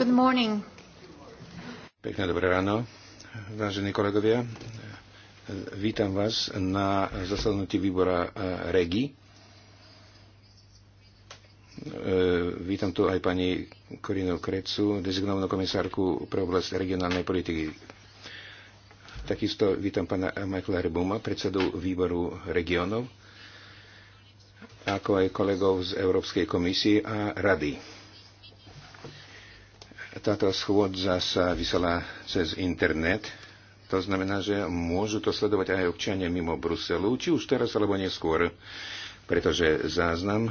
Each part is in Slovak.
Good morning. Pekné dobré ráno, vážení kolegovia. Vítam vás na zasadnutí výbora e, REGI. E, vítam tu aj pani Korinu Krecu, dezignovanú komisárku pre oblast regionálnej politiky. Takisto vítam pana Michaela Rebuma, predsedu výboru regionov, ako aj kolegov z Európskej komisie a rady táto schôdza sa vysiela cez internet. To znamená, že môžu to sledovať aj občania mimo Bruselu, či už teraz alebo neskôr, pretože záznam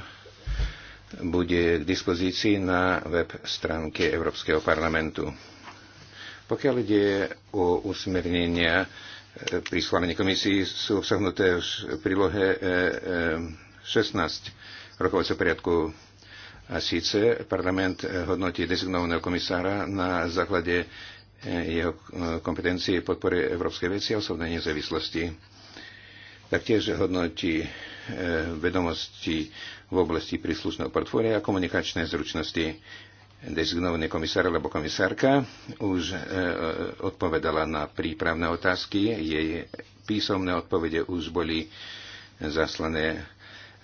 bude k dispozícii na web stránke Európskeho parlamentu. Pokiaľ ide o usmernenia e, pri schválení komisii, sú obsahnuté v prílohe 16 e, e, rokovacieho poriadku a síce parlament eh, hodnotí dezignovaného komisára na základe eh, jeho eh, kompetencie podpory európskej veci a osobnej nezávislosti. Taktiež hodnotí vedomosti v oblasti príslušného portfólia a komunikačné zručnosti. Dezignovaný komisár alebo komisárka už odpovedala na prípravné otázky, jej písomné odpovede už boli zaslané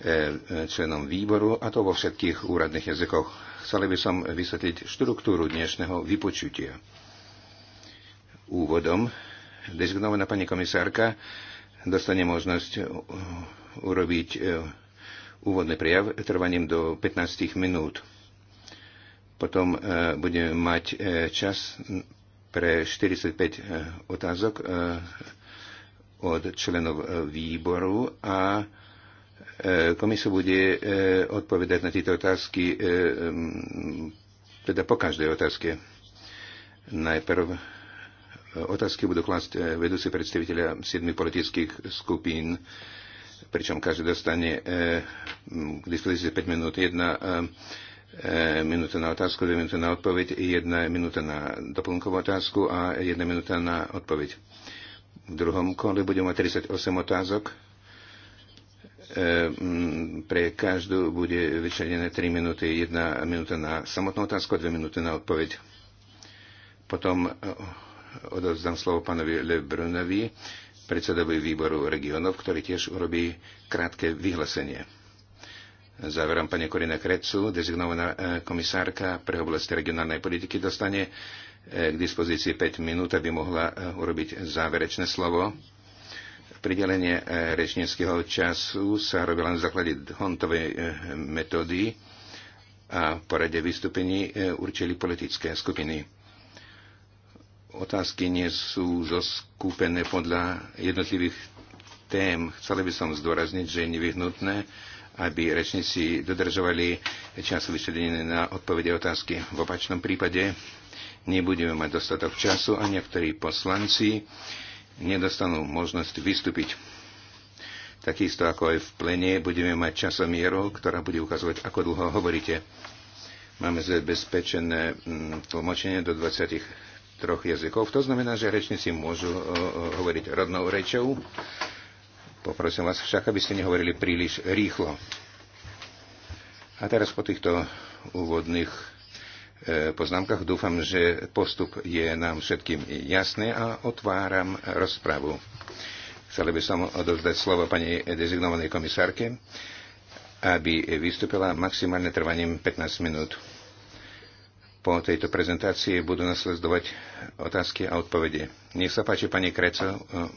E, členom výboru, a to vo všetkých úradných jazykoch. Chceli by som vysvetliť štruktúru dnešného vypočutia. Úvodom dezignovaná pani komisárka dostane možnosť urobiť e, úvodný prejav trvaním do 15 minút. Potom e, budeme mať čas pre 45 otázok od členov výboru a E, komisia bude e, odpovedať na tieto otázky, e, teda po každej otázke. Najprv otázky budú klásť vedúci predstaviteľa siedmi politických skupín, pričom každý dostane k dispozícii 5 minút. Jedna minúta na otázku, dve minúty na odpoveď, jedna minúta na doplnkovú otázku a jedna minúta na odpoveď. V druhom kole budeme mať 38 otázok Ehm, pre každú bude vyčlenené 3 minúty, 1 minúta na samotnú otázku, 2 minúty na odpoveď. Potom eh, odovzdám slovo pánovi Lebrunovi, predsedovi výboru regionov, ktorý tiež urobí krátke vyhlásenie. Záverom pani Korina Krecu, dezignovaná eh, komisárka pre oblasti regionálnej politiky, dostane eh, k dispozícii 5 minút, aby mohla urobiť záverečné slovo. Pridelenie e, rečníckého času sa robí na základe hontovej e, metódy a v porade vystúpení e, určili politické skupiny. Otázky nie sú zoskúpené podľa jednotlivých tém. Chcel by som zdôrazniť, že je nevyhnutné, aby rečníci dodržovali čas vyčlenený na odpovede otázky. V opačnom prípade nebudeme mať dostatok času a niektorí poslanci nedostanú možnosť vystúpiť. Takisto ako aj v plene budeme mať časomieru, ktorá bude ukazovať, ako dlho hovoríte. Máme zabezpečené mm, tlmočenie do 23 jazykov. To znamená, že rečníci môžu hovoriť rodnou rečou. Poprosím vás však, aby ste nehovorili príliš rýchlo. A teraz po týchto úvodných E, poznámkach. Dúfam, že postup je nám všetkým jasný a otváram rozpravu. Chcel by som odovzdať slovo pani dezignovanej komisárke, aby vystúpila maximálne trvaním 15 minút. Po tejto prezentácii budú nasledovať otázky a odpovede. Nech sa páči, pani Kreco.